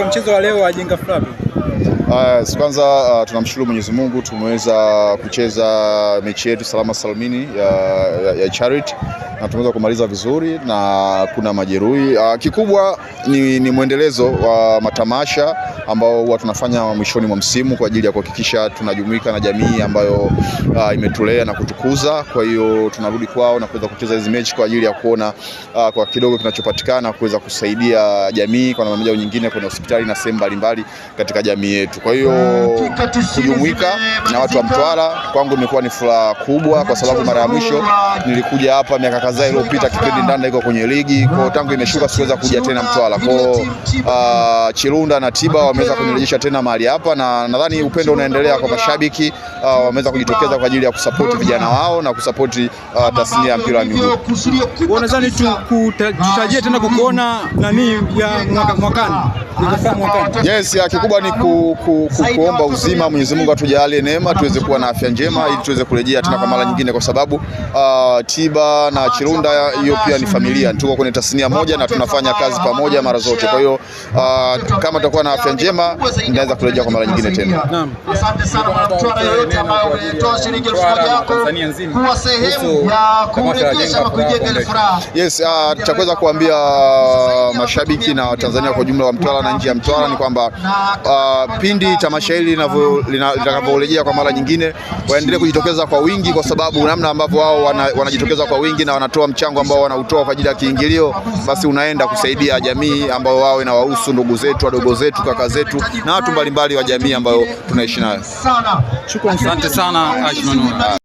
kwa mchezo wa leo wa Jenga Flabi. Uh, kwanza uh, tunamshukuru Mwenyezi Mungu tumeweza kucheza mechi yetu salama salmini ya, ya, ya Charity na tumeweza kumaliza vizuri na kuna majeruhi uh, kikubwa ni, ni mwendelezo wa matamasha ambao huwa tunafanya mwishoni mwa msimu kwa ajili ya kuhakikisha tunajumuika na jamii ambayo uh, imetulea na kutukuza. Kwa hiyo tunarudi kwao na kuweza kucheza hizi mechi kwa ajili ya kuona uh, kwa kidogo kinachopatikana kuweza kusaidia jamii kwa namna moja au nyingine kwenye hospitali na sehemu mbalimbali katika jamii yetu wetu. Kwa hiyo kujumuika na watu wa Mtwara kwangu imekuwa ni furaha kubwa, kwa sababu mara ya mwisho nilikuja hapa miaka kadhaa iliyopita, kipindi Ndanda iko kwenye ligi. Kwa hiyo tangu imeshuka siweza kuja tena Mtwara. Kwa hiyo uh, Chirunda na Tiba wameweza kunirejesha tena mahali hapa, na nadhani upendo unaendelea kwa mashabiki uh, wameweza kujitokeza kwa ajili ya kusapoti vijana wao na kusapoti uh, tasnia ya mpira wa miguu. Unadhani tutarajie tena kukuona nani ya mwakani? Yes, ya kikubwa ni ku, ku ku, kuomba uzima. Mwenyezi Mungu atujalie neema tuweze kuwa na afya njema ili tuweze kurejea tena kwa mara nyingine, kwa sababu uh, Tiba na Chirunda hiyo pia ni familia, tuko kwenye tasnia moja na tunafanya kazi pamoja mara zote. Kwa hiyo uh, kama tutakuwa na afya njema tunaweza kurejea kwa mara nyingine tena. asante sana ambaye umetoa shilingi elfu moja yako kuwa sehemu ya kurejesha ah, na kujenga ile furaha. Yes, uh, cha kuweza kuambia mashabiki na Watanzania kwa jumla wa Mtwara na nje ya Mtwara ni kwamba uh, pindi pindi tamasha hili litakavyorejea kwa mara nyingine, waendelee kujitokeza kwa wingi, kwa sababu namna ambavyo wao wanajitokeza kwa wingi na wanatoa mchango ambao wanautoa kwa ajili ya kiingilio, basi unaenda kusaidia jamii ambao wao inawahusu, ndugu zetu, wadogo zetu, kaka zetu na watu mbalimbali wa jamii ambayo tunaishi nayo. Shukrani, asante sana